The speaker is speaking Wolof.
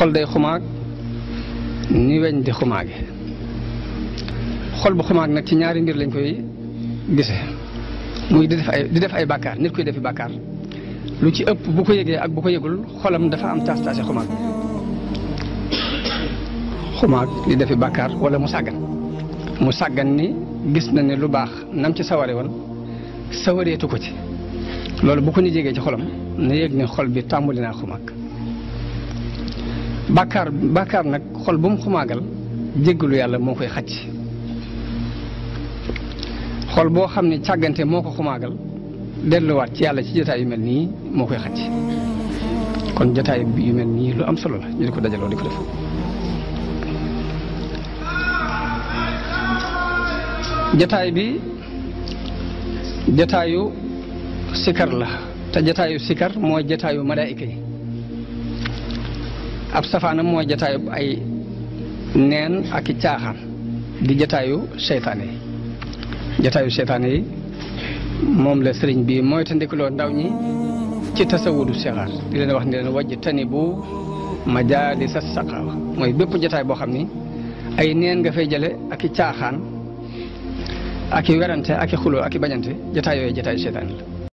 xol day xumaag ni weñ di xumaage xol bu xumaag nag ci ñaari ngir lañ koy gise muy di def ay di def ay bàkkaar nit koy defi bàkkaar lu ci ëpp bu ko yëgee ak bu ko yégul xolam dafa am taas taasi xumaag xumaag di defi bàkkaar wala mu sàggan mu sàggan ni gis na ne lu baax nam ci saware woon sawareetu ko ci loolu bu ko ni jegee ci xolam na yëg ne xol bi tàmbali naa xumaag bàkkaar bàkkaar nag xol bu mu xumaagal jéggalu yàlla moo koy xacc xol boo xam ne càggante moo ko xumaagal delluwaat ci yàlla ci jotaay mel nii moo koy xacc kon jotaay mel nii lu am solo ko dajaloo di ko bi jataayu sikar la te jotaayu sikar mooy jotaayu malaayika yi ab safaanam mooy jataay ay neen ak i caaxaan di jataayu seytaane yi jataayu seytaane yi moom la sëriñ bii mooy te ndikaloo ndaw ñi ci tasawudu sixaar di leen wax ne leen wajj tani bu majaalisa saqaawa mooy bépp jataay boo xam ni ay neen nga fay jële ak i caaxaan ak i werante ak i xuloo ak i bañante jataay yooyu jataayu seytaane la